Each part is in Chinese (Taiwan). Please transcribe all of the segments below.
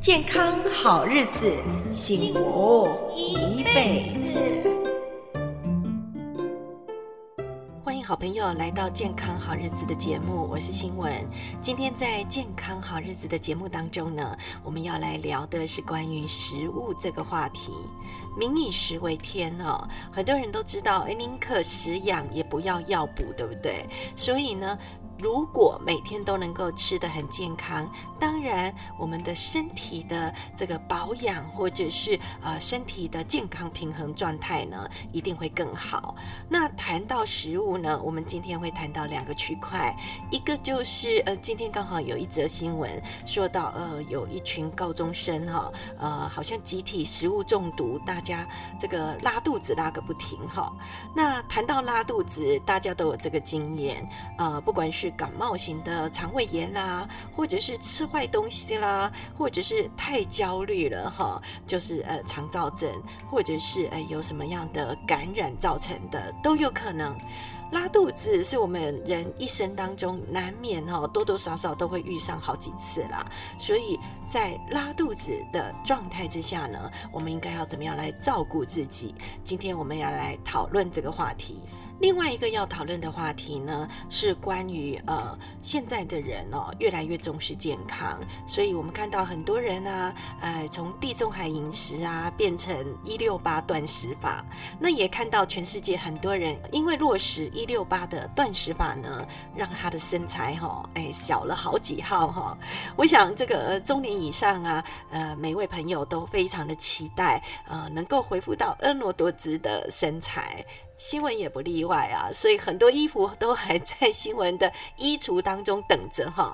健康好日子，幸福一輩子。歡迎好朋友來到《健康好日子》的節目，我是新聞。今天在《健康好日子》的節目當中呢，我們要來聊的是關於食物這個話題。民以食為天哦，很多人都知道，哎，寧可食養，也不要藥補，對不對？所以呢，如果每天都能夠吃得很健康。當然，我們的身體的這個保養，或者是呃身體的健康平衡狀態呢，一定會更好。那談到食物呢，我們今天會談到兩個區塊，一個就是呃，今天剛好有一則新聞說到，呃，有一群高中生哈、哦，呃，好像集體食物中毒，大家這個拉肚子拉個不停哈、哦。那談到拉肚子，大家都有這個經驗，呃，不管是感冒型的腸胃炎啦、啊，或者是吃壞東西啦，或者是太焦慮了哈，就是呃腸躁症，或者是呃有什麼樣的感染造成的都有可能。拉肚子是我們人一生當中難免哈，多多少少都會遇上好幾次啦。所以在拉肚子的狀態之下呢，我們應該要怎麼樣來照顧自己？今天我們要來討論這個話題。另外一個要討論的話題呢，是關於呃現在的人哦，越來越重視健康，所以我們看到很多人呢、啊，呃，從地中海飲食啊變成一六八斷食法，那也看到全世界很多人因為落實一六八的斷食法呢，讓他的身材哈、哦哎，小了好幾號哈、哦。我想這個中年以上啊，呃，每位朋友都非常的期待，呃，能夠恢復到婀娜多姿的身材。新聞也不例外啊，所以很多衣服都還在新聞的衣櫥當中等着齁。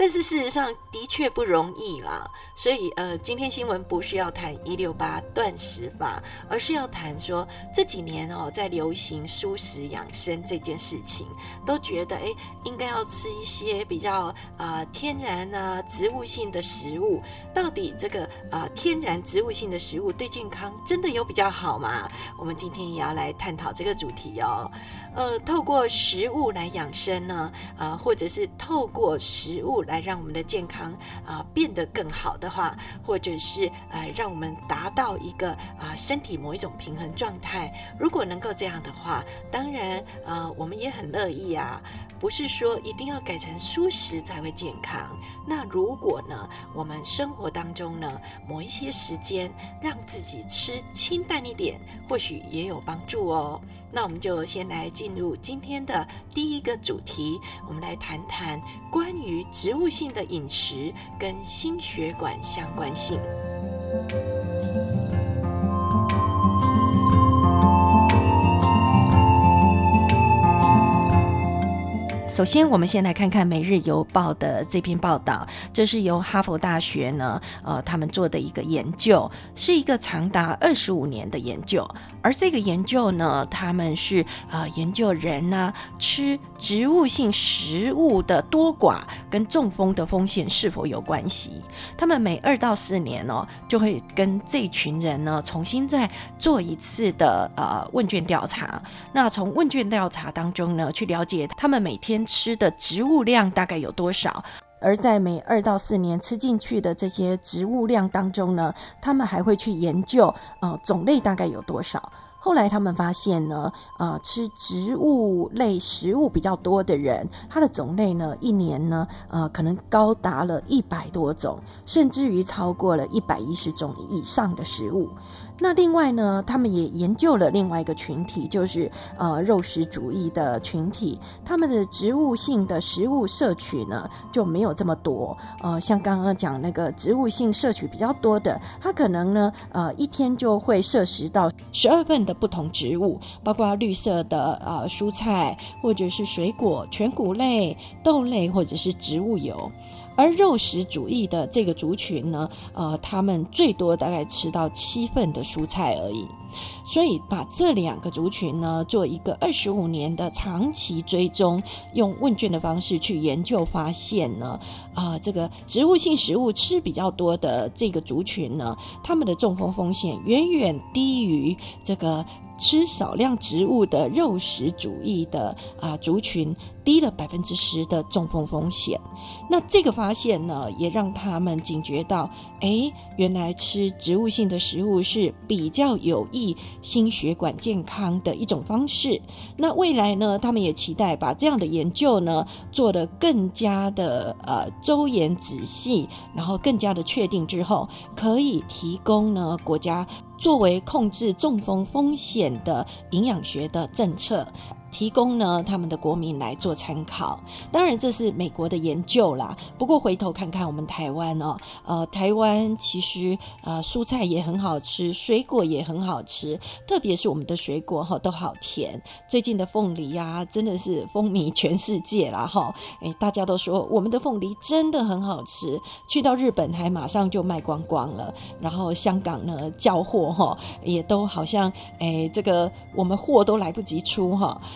但是事實上的確不容易啦，所以呃，今天新聞不是要談168斷食法，而是要談說這幾年哦，在流行蔬食養生這件事情，都覺得哎，應該要吃一些比較啊、呃、天然啊植物性的食物。到底這個啊、呃、天然植物性的食物對健康真的有比較好嗎？我們今天也要來探討這個主題哦。呃，透過食物來養生呢，啊、呃，或者是透過食物來讓我們的健康啊、呃、變得更好的話，或者是呃讓我們達到一個啊、呃、身體某一種平衡狀態，如果能夠這樣的話，當然啊、呃、我們也很樂意啊，不是說一定要改成素食才會健康。那如果呢，我們生活當中呢，某一些時間讓自己吃清淡一點，或許也有幫助哦。那我們就先來。進入今天的第一個主題，我們來談談關於植物性的飲食跟心血管相關性。首先，我們先來看看《每日郵報》的這篇報道，這是由哈佛大學呢，呃，他們做的一個研究，是一個長達二十五年的研究。而這個研究呢，他們是，呃，研究人，啊，吃植物性食物的多寡跟中風的風險是否有關係？他們每二到四年呢，哦，就會跟這群人呢重新再做一次的呃問卷調查。那從問卷調查當中呢，去了解他們每天吃的植物量大概有多少。而在每二到四年吃進去的這些植物量當中呢，他們還會去研究，呃，種類大概有多少。後來他們發現呢，呃，吃植物類食物比較多的人，它的種類呢，一年呢，呃，可能高達了一百多種，甚至於超過了一百一十種以上的食物。那另外呢，他們也研究了另外一個群體，就是呃肉食主義的群體，他們的植物性的食物攝取呢，就沒有這麼多。呃，像剛剛講那個植物性攝取比較多的，他可能呢呃一天就會攝食到十二份的不同植物，包括綠色的呃蔬菜或者是水果、全谷類、豆類或者是植物油。而肉食主義的這個族群呢，呃，他們最多大概吃到七份的蔬菜而已。所以把這兩個族群呢，做一個二十五年的長期追蹤，用問卷的方式去研究，發現呢，啊、呃，這個植物性食物吃比較多的這個族群呢，他們的中風風險遠遠低於這個吃少量植物的肉食主義的啊、呃、族群，低了百分之十的中風風險。那這個發現呢，也讓他們警覺到，哎、欸，原來吃植物性的食物是比較有益。心血管健康的一種方式。那未來呢，他們也期待把這樣的研究呢，做得更加的呃周延仔細，然後更加的確定之後，可以提供呢國家作為控制中風風險的營養學的政策。提供呢，他們的國民來做參考。當然，這是美國的研究啦。不過回頭看看我們台灣哦，呃，台灣其實呃，蔬菜也很好吃，水果也很好吃，特別是我們的水果哈，都好甜。最近的鳳梨啊，真的是風靡全世界啦哈。哎，大家都說我們的鳳梨真的很好吃，去到日本還馬上就賣光光了。然後香港呢，交貨哈，也都好像哎，這個我們貨都來不及出哈。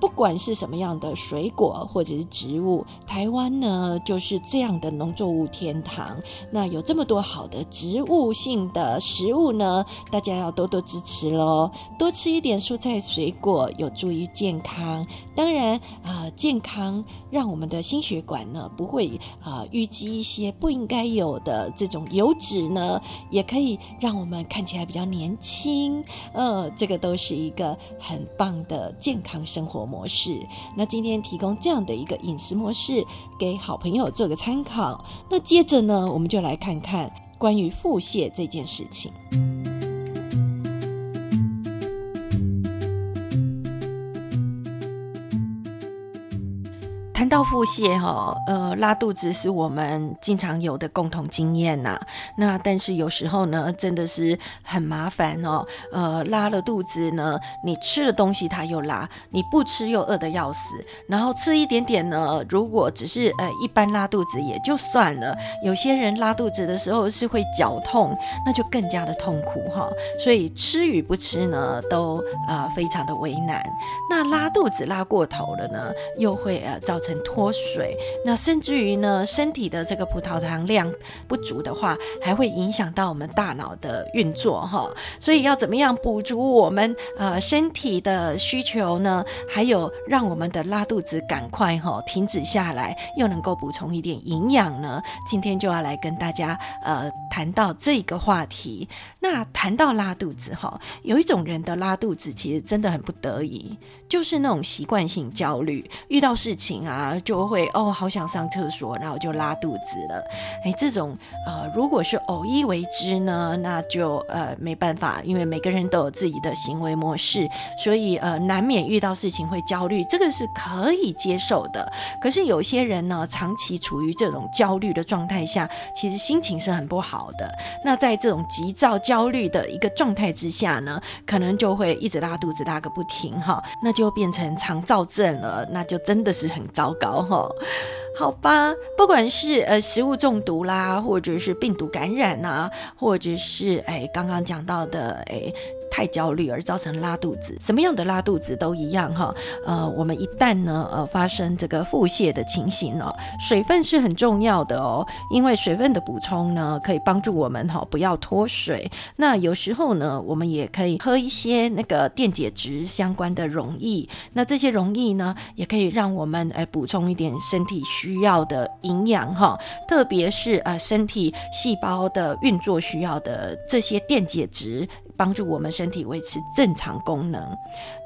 不管是什麼樣的水果或者是植物，台灣呢就是這樣的農作物天堂。那有這麼多好的植物性的食物呢，大家要多多支持咯，多吃一點蔬菜水果，有助於健康。當然，啊，呃，健康讓我們的心血管呢不會啊淤積一些不應該有的這種油脂呢，也可以讓我們看起來比較年輕。呃，這個都是一個很棒的健康生活模式。那今天提供這樣的一個飲食模式，給好朋友做個參考。那接着呢，我們就來看看關於腹瀉這件事情。談到腹瀉哈，呃，拉肚子是我們經常有的共同經驗吶、啊。那但是有時候呢，真的是很麻煩哦。呃，拉了肚子呢，你吃了東西它又拉，你不吃又餓得要死，然後吃一點點呢，如果只是呃一般拉肚子也就算了。有些人拉肚子的時候是會絞痛，那就更加的痛苦哈、哦。所以吃與不吃呢，都啊、呃、非常的為難。那拉肚子拉過頭了呢，又會呃、啊、造成。很脫水，那甚至於呢，身體的這個葡萄糖量不足的話，還會影響到我們大腦的運作哈、哦。所以要怎麼樣補足我們呃身體的需求呢？還有讓我們的拉肚子趕快哈、哦、停止下來，又能夠補充一點營養呢？今天就要來跟大家呃談到這個話題。那談到拉肚子哈、哦，有一種人的拉肚子其實真的很不得已。就是那種習慣性焦慮，遇到事情啊就會哦，好想上廁所，然後就拉肚子了。哎，這種呃，如果是偶一為之呢，那就呃沒辦法，因為每個人都有自己的行為模式，所以呃難免遇到事情會焦慮，這個是可以接受的。可是有些人呢，長期處於這種焦慮的狀態下，其實心情是很不好的。那在這種急躁焦慮的一個狀態之下呢，可能就會一直拉肚子，拉個不停哈。那。就變成腸躁症了，那就真的是很糟糕哈，好吧？不管是呃食物中毒啦，或者是病毒感染吶、啊，或者是哎剛剛講到的哎。欸太焦慮而造成拉肚子，什麼樣的拉肚子都一樣哈。呃，我們一旦呢呃發生這個腹瀉的情形，水分是很重要的哦，因為水分的補充呢可以幫助我們哈不要脫水。那有時候呢，我們也可以喝一些那個電解質相關的溶液。那這些溶液呢，也可以讓我們呃補充一點身體需要的營養哈，特別是呃身體細胞的運作需要的這些電解質。幫助我們身體維持正常功能。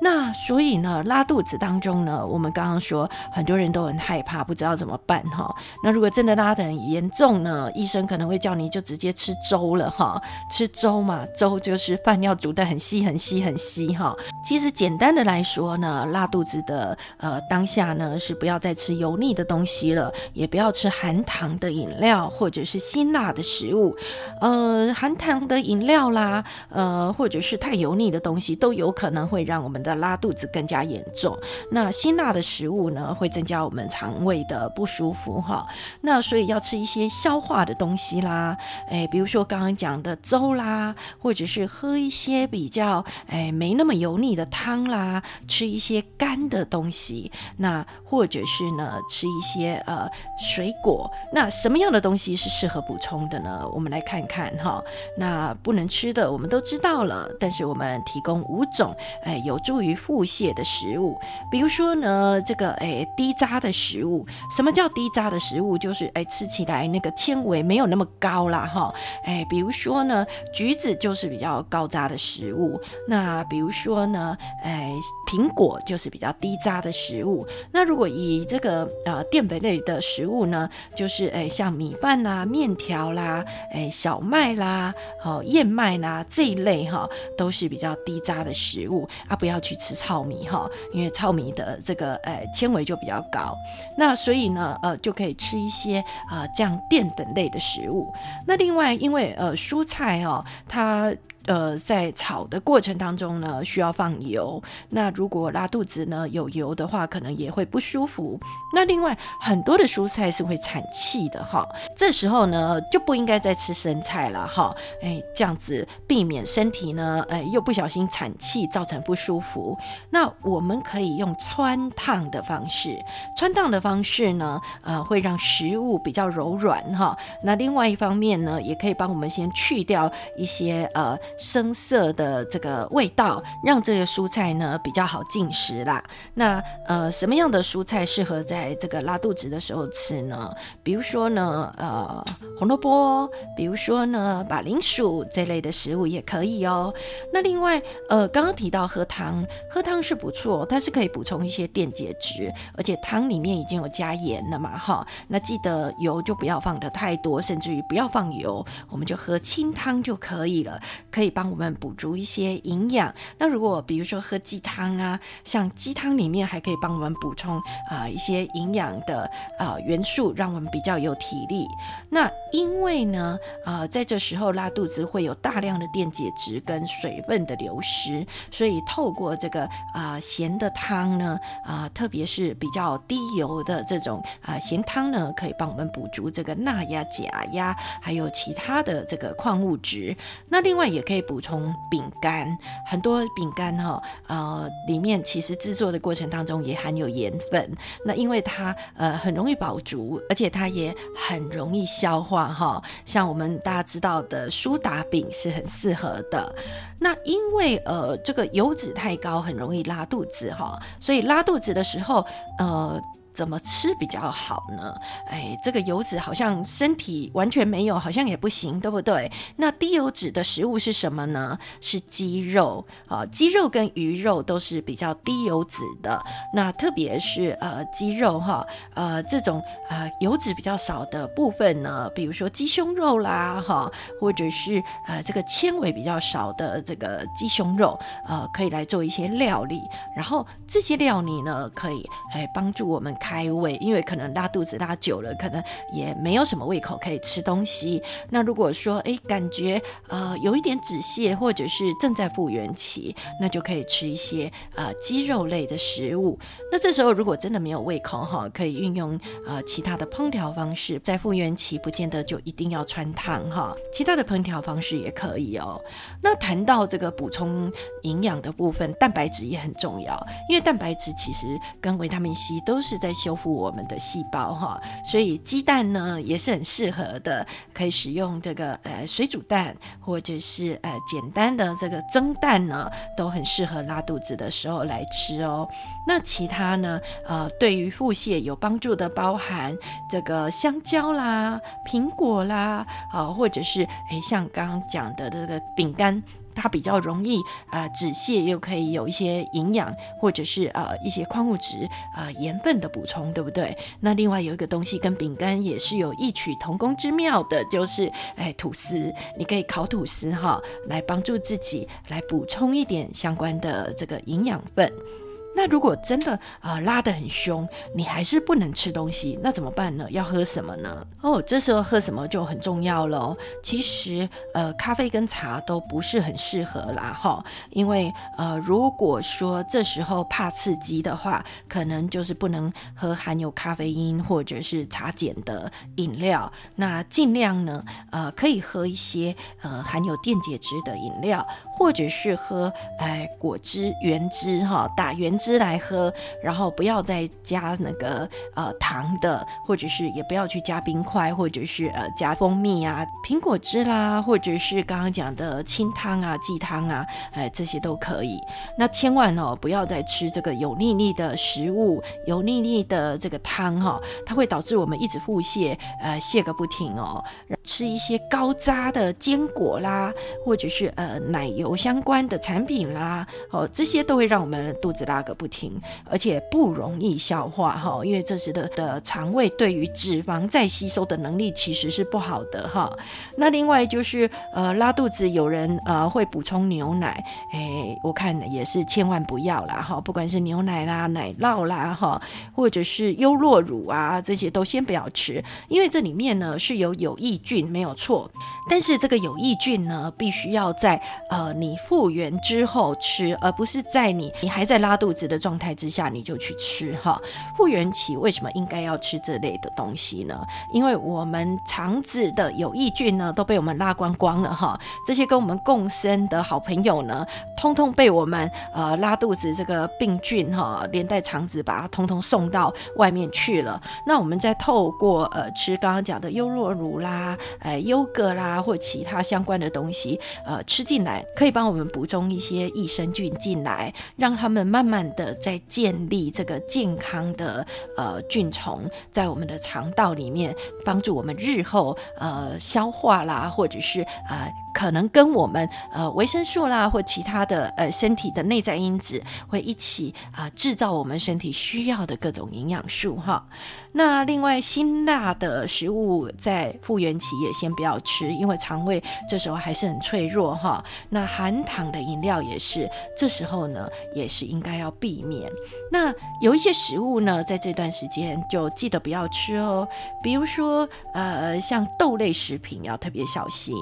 那所以呢，拉肚子當中呢，我們剛剛說很多人都很害怕，不知道怎麼辦哈、哦。那如果真的拉得很嚴重呢，醫生可能會叫你就直接吃粥了哈、哦。吃粥嘛，粥就是飯要煮得很稀很稀很稀哈、哦。其實簡單的來說呢，拉肚子的呃當下呢是不要再吃油膩的東西了，也不要吃含糖的飲料或者是辛辣的食物，呃，含糖的飲料啦，呃。或者是太油膩的東西都有可能會讓我們的拉肚子更加嚴重。那辛辣的食物呢，會增加我們腸胃的不舒服哈。那所以要吃一些消化的東西啦，哎、欸，比如說剛剛講的粥啦，或者是喝一些比較哎、欸、沒那麼油膩的湯啦，吃一些乾的東西，那或者是呢吃一些呃水果。那什麼樣的東西是適合補充的呢？我們來看看哈。那不能吃的，我們都知道，到了，但是我們提供五種哎、欸、有助於腹瀉的食物，比如說呢，這個哎、欸、低渣的食物，什麼叫低渣的食物？就是哎、欸、吃起來那個纖維沒有那麼高啦哈，哎、欸、比如說呢，橘子就是比較高渣的食物，那比如說呢，哎、欸、蘋果就是比較低渣的食物，那如果以這個呃澱粉類的食物呢，就是哎、欸、像米飯啦、麵條啦、哎、欸、小麥啦、哦，燕麥啦這一類。都是比較低渣的食物啊，不要去吃糙米哈，因為糙米的這個呃纖維就比較高。那所以呢，呃，就可以吃一些啊，呃，這樣澱粉類的食物。那另外，因為呃蔬菜哦、喔，它呃，在炒的過程當中呢，需要放油。那如果拉肚子呢，有油的話，可能也會不舒服。那另外，很多的蔬菜是會產氣的哈，這時候呢，就不應該再吃生菜了哈。誒、欸，這樣子避免身體呢，誒、欸，又不小心產氣，造成不舒服。那我們可以用汆燙的方式，汆燙的方式呢，呃，會讓食物比較柔軟哈。那另外一方面呢，也可以幫我們先去掉一些呃。深色的這個味道，讓這些蔬菜呢，比較好進食啦。那呃，什麼樣的蔬菜適合在這個拉肚子的時候吃呢？比如說呢，呃，紅蘿蔔，比如說呢，馬鈴薯這類的食物也可以哦。那另外，呃，剛剛提到喝湯，喝湯是不錯，它是可以補充一些電解質，而且湯裡面已經有加鹽了嘛，哈。那記得油就不要放得太多，甚至於不要放油，我們就喝清湯就可以了，可以。幫我們補足一些營養。那如果比如說喝雞湯啊，像雞湯裡面還可以幫我們補充啊、呃、一些營養的啊、呃、元素，讓我們比較有體力。那因為呢啊、呃、在這時候拉肚子會有大量的電解質跟水分的流失，所以透過這個啊、呃、鹹的湯呢啊、呃，特別是比較低油的這種啊、呃、鹹湯呢，可以幫我們補足這個鈉呀、鉀呀，還有其他的這個礦物質。那另外也可以。可以補充餅乾，很多餅乾哈、哦，呃，裡面其實製作的過程當中也含有鹽分，那因為它呃很容易飽足，而且它也很容易消化哈、哦。像我們大家知道的蘇打餅是很適合的。那因為呃這個油脂太高，很容易拉肚子哈、哦。所以拉肚子的時候呃。怎麼吃比較好呢？哎，這個油脂好像身體完全沒有，好像也不行，對不對？那低油脂的食物是什麼呢？是雞肉啊，雞肉跟魚肉都是比較低油脂的。那特別是呃雞肉哈，呃這種啊、呃，油脂比較少的部分呢，比如說雞胸肉啦哈，或者是呃這個纖維比較少的這個雞胸肉，呃可以來做一些料理。然後這些料理呢，可以哎幫助我們。開胃，因為可能拉肚子拉久了，可能也沒有什麼胃口可以吃東西。那如果說哎、欸，感覺呃有一點止瀉或者是正在復原期，那就可以吃一些呃雞肉類的食物。那這時候如果真的沒有胃口哈、喔，可以運用呃其他的烹調方式。在復原期不見得就一定要汆燙哈，其他的烹調方式也可以哦、喔。那談到這個補充營養的部分，蛋白質也很重要，因為蛋白質其實跟維他命 C 都是在。修復我們的細胞哈，所以雞蛋呢也是很適合的，可以使用這個呃水煮蛋，或者是呃簡單的這個蒸蛋呢，都很適合拉肚子的時候來吃哦。那其他呢，呃，對於腹瀉有幫助的，包含這個香蕉啦、蘋果啦，啊、呃，或者是誒、欸，像剛剛講的這個餅乾。它比較容易，呃，止瀉又可以有一些營養或者是呃一些礦物質啊、鹽分的補充，對不對？那另外有一個東西跟餅乾也是有異曲同工之妙的，就是哎吐司，你可以烤吐司哈、哦，來幫助自己來補充一點相關的這個營養分。那如果真的啊、呃、拉得很兇，你還是不能吃東西，那怎麼辦呢？要喝什麼呢？哦，這時候喝什麼就很重要嘍。其實呃，咖啡跟茶都不是很適合啦哈，因為呃，如果說這時候怕刺激的話，可能就是不能喝含有咖啡因或者是茶鹼的飲料。那儘量呢，呃，可以喝一些呃含有電解質的飲料，或者是喝哎果汁原汁哈，打原汁。汁來喝，然後不要再加那個呃糖的，或者是也不要去加冰塊，或者是呃加蜂蜜啊、蘋果汁啦，或者是剛剛講的清湯啊、雞湯啊、呃，這些都可以。那千萬哦，不要再吃這個油膩膩的食物、油膩膩的這個湯哈、哦，它會導致我們一直腹瀉，呃瀉個不停哦。吃一些高渣的堅果啦，或者是呃奶油相關的產品啦，哦這些都會讓我們肚子拉個。不停，而且不容易消化哈，因為這時的的腸胃對於脂肪再吸收的能力其實是不好的哈。那另外就是呃拉肚子，有人呃會補充牛奶，誒、欸，我看也是千萬不要啦。哈，不管是牛奶啦、奶酪啦哈，或者是優酪乳啊，這些都先不要吃，因為這裡面呢是有有益菌沒有錯，但是這個有益菌呢，必須要在呃你復原之後吃，而不是在你你還在拉肚子的狀態之下，你就去吃哈。復原期為什麼應該要吃這類的東西呢？因為我們腸子的有益菌呢，都被我們拉光光了哈。這些跟我們共生的好朋友呢，通通被我們呃拉肚子這個病菌哈，連帶腸子把它通通送到外面去了。那我們再透過呃吃剛剛講的優酪乳啦、呃優格啦或其他相關的東西呃吃進來，可以幫我們補充一些益生菌進來，讓他們慢慢。的在建立這個健康的呃菌叢，在我們的腸道裡面，幫助我們日後呃消化啦，或者是呃可能跟我們呃維生素啦或其他的呃身體的內在因子，會一起啊、呃、製造我們身體需要的各種營養素哈。那另外，辛辣的食物在復原期也先不要吃，因為腸胃這時候還是很脆弱哈。那含糖的飲料也是，這時候呢也是應該要避免。那有一些食物呢，在這段時間就記得不要吃哦，比如說呃，像豆類食品要特別小心，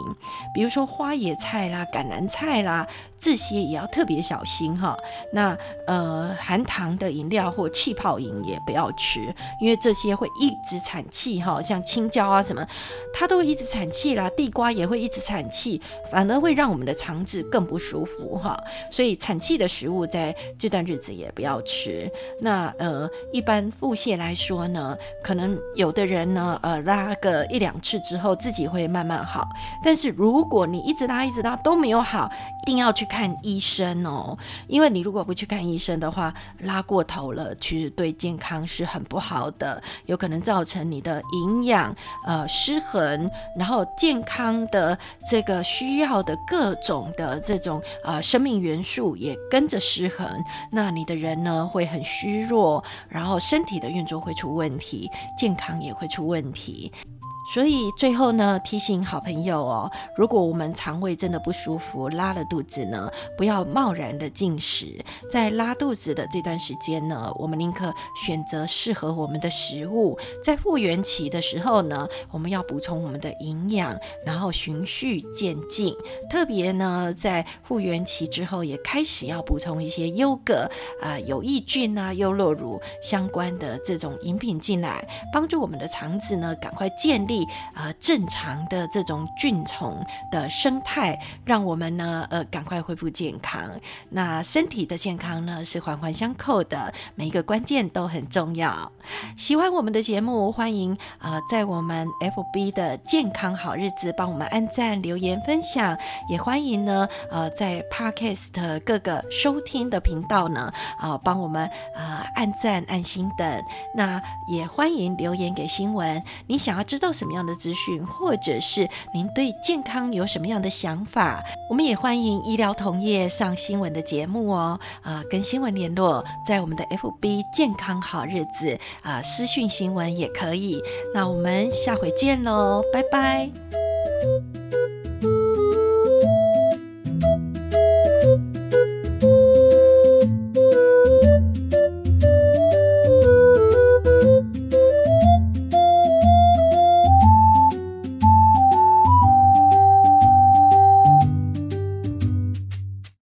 比如說花椰菜啦、橄欖菜啦。這些也要特別小心哈。那呃，含糖的飲料或氣泡飲也不要吃，因為這些會一直產氣哈。像青椒啊什麼，它都一直產氣啦。地瓜也會一直產氣，反而會讓我們的腸子更不舒服哈。所以產氣的食物在這段日子也不要吃。那呃，一般腹瀉來說呢，可能有的人呢，呃，拉個一兩次之後自己會慢慢好。但是如果你一直拉，一直拉都沒有好，一定要去。看醫生哦，因為你如果不去看醫生的話，拉過頭了，其實對健康是很不好的，有可能造成你的營養呃失衡，然後健康的這個需要的各種的這種呃生命元素也跟着失衡，那你的人呢會很虛弱，然後身體的運作會出問題，健康也會出問題。所以最後呢，提醒好朋友哦，如果我們腸胃真的不舒服、拉了肚子呢，不要貿然的進食。在拉肚子的這段時間呢，我們寧可選擇適合我們的食物。在復原期的時候呢，我們要補充我們的營養，然後循序漸進。特別呢，在復原期之後，也開始要補充一些優格啊、呃、有益菌啊、優酪乳相關的這種飲品進來，幫助我們的腸子呢趕快建立。啊、呃，正常的這種菌叢的生態，讓我們呢，呃，趕快恢復健康。那身體的健康呢，是環環相扣的，每一個關鍵都很重要。喜歡我們的節目，歡迎啊、呃，在我們 FB 的健康好日子幫我們按讚、留言、分享。也歡迎呢，呃，在 Podcast 各個收聽的頻道呢，啊、呃，幫我們啊、呃、按讚、按心等。那也歡迎留言給新聞，你想要知道。什麼樣的資訊，或者是您對健康有什麼樣的想法？我們也歡迎醫療同業上新聞的節目哦，啊、呃，跟新聞聯絡，在我們的 FB 健康好日子啊、呃，私訊新聞也可以。那我們下回見嘍，拜拜。